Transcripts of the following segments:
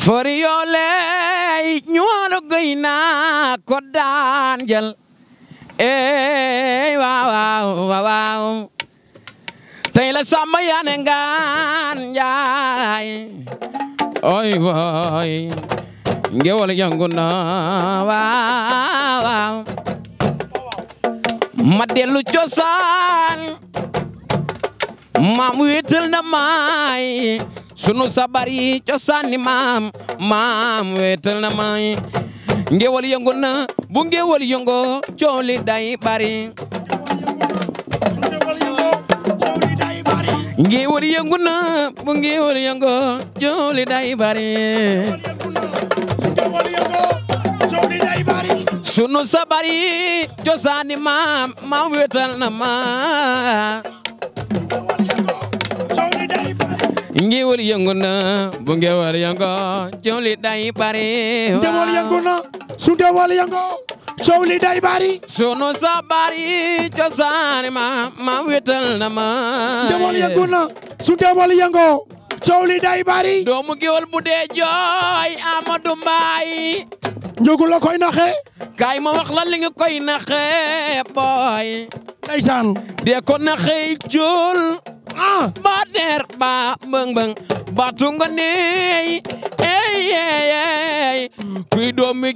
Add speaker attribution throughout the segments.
Speaker 1: foriyooley ñuwoolo goy na ko daan jël ey waawaaw waawaaw tey la sàmm yaane ngaan njaay oy woy ngewol yongu na waawaaw ma dellu cosaan maam wéetal na maay sunu sabar yi cosaani maam maam weetal na may ngéwal yëngu na bu ngéwal yëngoo coow li day bari ngéwal yëngu na bu ngéwal yëngoo coow li day bari sunu sabar cosaani maam maam weetal na ma ngéwal yëngu na bu ngéwal yëngoo coow li day bari. ngéwal yëngu na su ngéwal yëngoo coow day bari. sunu sa cosaan ma ma wétal na ma. ngéwal yëngu na su ngéwal yëngoo coow day bari. doomu géwal bu dee jooy Amadou Mbaye. njogu la koy naxee. kaay ma wax la li nga koy naxee booy. ndeysaan. dee ko naxee jul. ba der ba mbëng ba tunga neey ey ey ey kuy doomi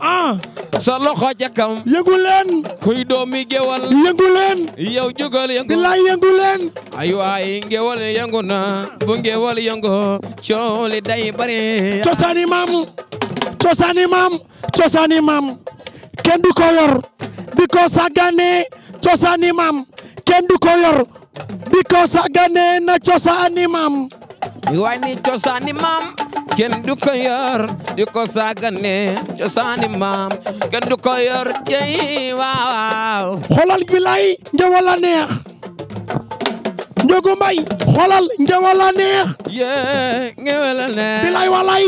Speaker 1: ah. sa loxo ca kam yëngu kuy doomi gewal yëngu leen yow jugal yëngu bilaay yëngu leen ay waay gewal bu gewal yëngu cooli day bari cosaani maam cosaani maam cosaani maam kenn du ko yor di ko sàggane cosaani maam kenn du ko yor biko sagane na cosaani maam wani cosaani maam kenn du ko yor di ko sagane cosaani maam kenn du ko yor jeey waaw xolal bilay njawala neex njogu mbay xolal njawala neex yee ngewala neex bilay walay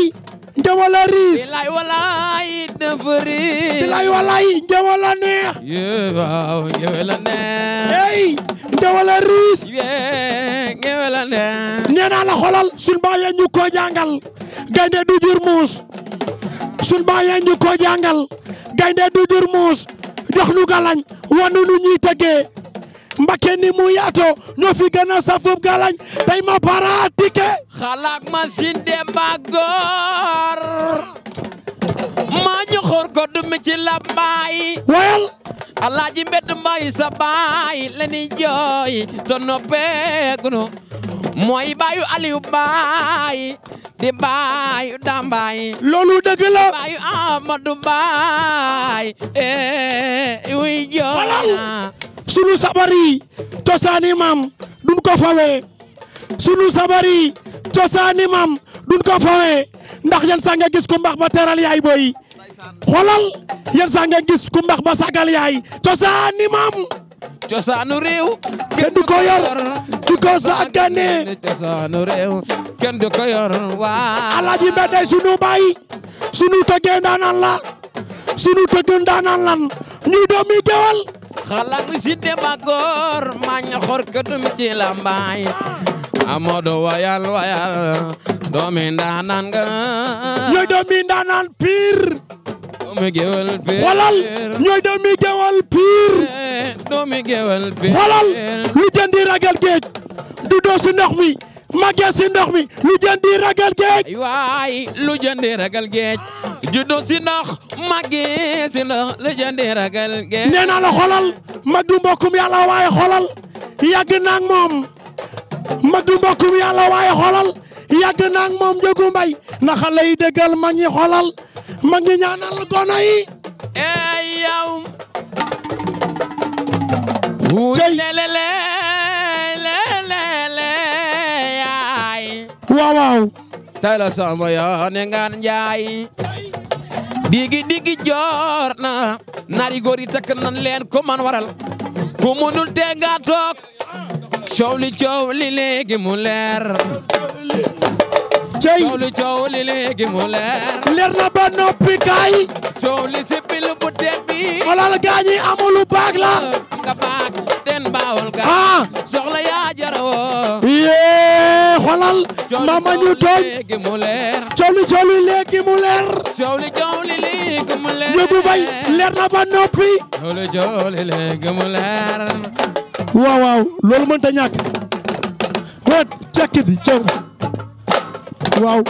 Speaker 1: njawala riis bilay walay defri bilay walay njawala neex yee waaw ngewala neex te wala riis nee la xolal sun baay ya ñu ko jàngal du jur muus sun baay ya ñu ko jàngal du jur muus jox nu galañ wanu nu ñuy tëggee ni mu yaato ñoo fi gën a galañ tey ma paraatike xalaak ma sin de ba maa ñoxoor ko dum ci làmbaay wayal alaaji mbedd mbaay sa baay la ni jooy to noppeegunu mooy baayu aliyu baay di baayu dambaay loolu dëgg la baayu amadu baay ee eh, wuy jooy sunu sabari cosaani maam dun ko fawe sunu sabari cosaani maam dun ko fawe ndax yan sanga gis ko ba teral yaay boy xoolal yéen sax gis ku mbax ba sagal yaay cosaani maam cosaanu réew kenn du ko du ko saggane cosaanu réew kenn du ko yor waa alaaji mbedday sunu baay sunu tëggee ndaanaan la sunu tëggee ndaanaan lan ñuy doomi gewal xala mi si de bagoor maañ xor këdum ci lambaay amodo wayal wayal doomi ndaanaan nga. ñooy doomi ndaanaan pire. doomi gewel pire. xoolal ñooy doomi eh, lu jëndi ragal géej. juddoo si ndox mi. màggee si ndox mi. lu jëndi ragal géej. lu jëndi ragal géej. juddoo si ndox. màggee si ndox lu jëndi ragal géej. nee la xoolal. mag du mbokkum yàlla waaye xoolal. yàgg naa moom. mag du mbokkum yàlla waaye xoolal. yàgg naa ak moom njëgu mbay na xale yi ma ngi ma ngi ñaanal gone yi ey yow la sama yoone ngaan njaay digi digi joor na nari góor yi leen ko man waral ku te nga toog coow li léegi mu leer. cey leer. na ba noppi kaay. coow si pilu bu tebi. xoolal gaañi amulu baag la. nga baag den baawal ga. ah soxla yaa jaroo. yee xoolal. mama ñu léegi mu leer. coow li leer. na ba noppi. waaw waaw loolu mënta ñàkk wet cekkit cër waaw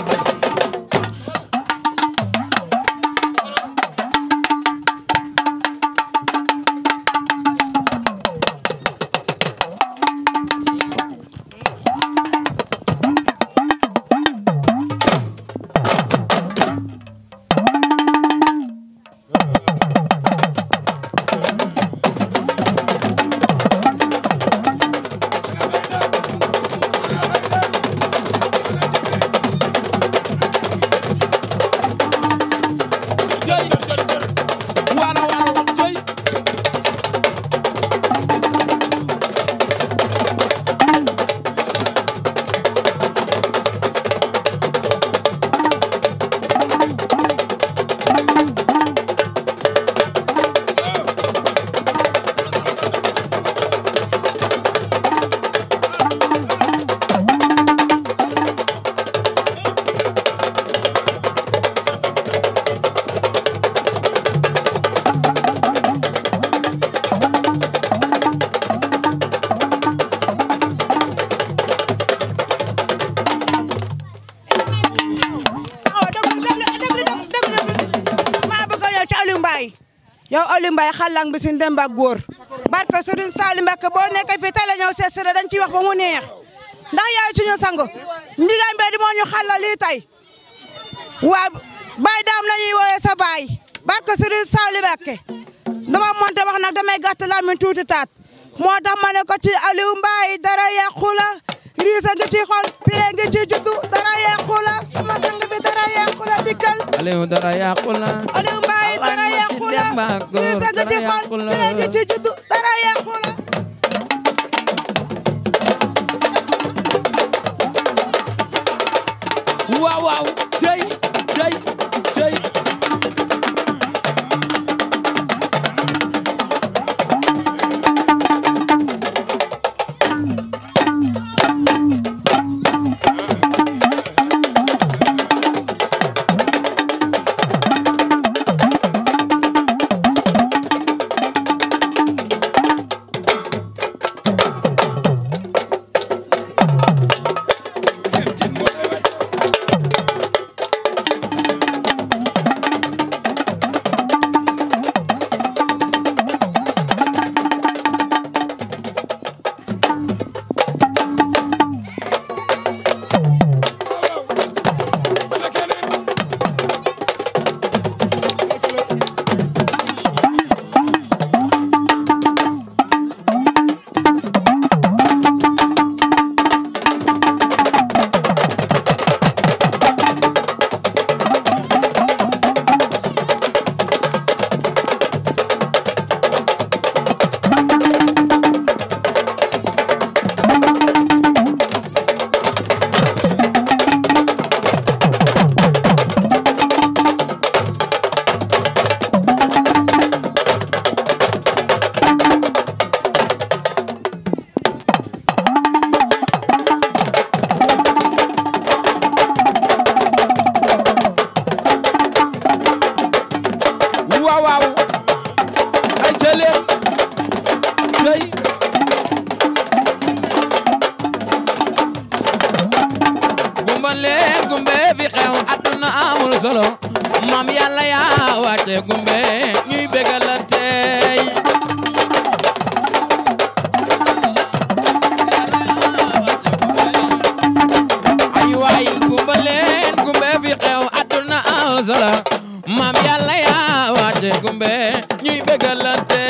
Speaker 1: yow Aliou Mbaye xàllang bi si góor barke Serigne Saliou boo nekkee fii tey la ñëw seet si wax ba mu neex ndax yaay suñu sang ndigaay mbay di moo ñu xàllal lii tey waa baay daam la ñuy wooyee sa baay barke Serigne Saliou Mbacké dama wax nag damay gàtt mi tuuti taat moo tax ma ko ci Aliou dara yàqu la riisa ci xol pire ngi ci juddu dara yàqu la sama bi dara yàqu la dara yàqu la dara yàqu la dara yàqu la waaw waaw cey cey waaw waaw ay jëleen tey gumba leen gumbe fi xew àdduna amul solo maam yàlla yaa wàcce gumbe ñuy bégalante ay waay gumba leen gumbe fi xew àdduna amul solo Njombe ñuy bégalante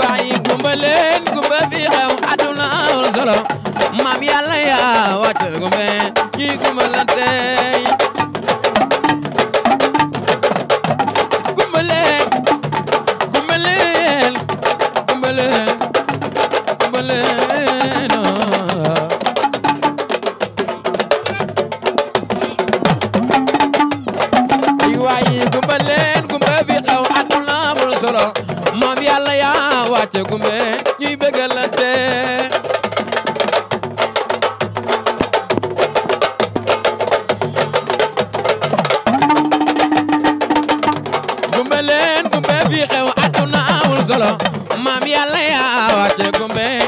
Speaker 1: waaye gumba leen gumba bi xew àdduna amul solo maam yàlla yaa wàccal gumbe ñuy gumbalante gumba leen gumba leen gumba leen wàcce gumbe ñuy bëggalante gumbe leen gumbe a xew àdduna amul solo maam yàlla yaa wàcce gumbe